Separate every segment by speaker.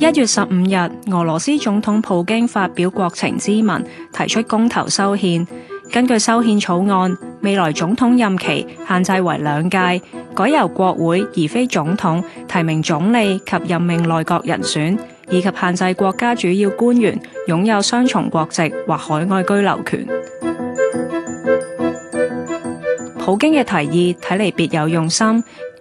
Speaker 1: 一月十五日，俄羅斯總統普京發表國情咨文，提出公投修憲。根據修憲草案，未來總統任期限制為兩屆，改由國會而非總統提名總理及任命內閣人選，以及限制國家主要官員擁有雙重國籍或海外居留權。普京嘅提議睇嚟別有用心。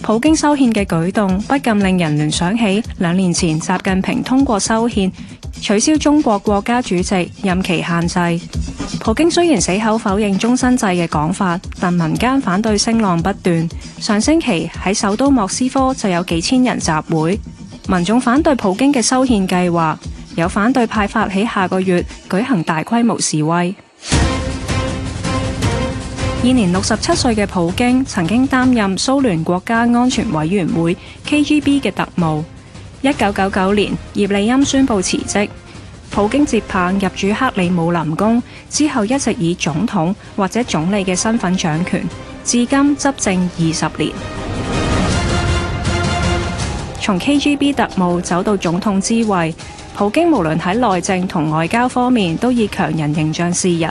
Speaker 1: 普京修憲嘅舉動不禁令人聯想起兩年前習近平通過修憲取消中國國家主席任期限制。普京雖然死口否認終身制嘅講法，但民間反對聲浪不斷。上星期喺首都莫斯科就有幾千人集會，民眾反對普京嘅修憲計劃，有反對派發起下個月舉行大規模示威。現年六十七歲嘅普京曾經擔任蘇聯國家安全委員會 KGB 嘅特務。一九九九年葉利欽宣佈辭職，普京接棒入主克里姆林宮之後，一直以總統或者總理嘅身份掌權，至今執政二十年。從 KGB 特務走到總統之位，普京無論喺內政同外交方面，都以強人形象示人。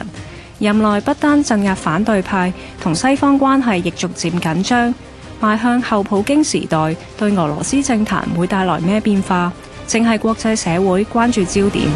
Speaker 1: 任內不單鎮壓反對派，同西方關係亦逐漸緊張，邁向後普京時代對俄羅斯政壇會帶來咩變化，正係國際社會關注焦點。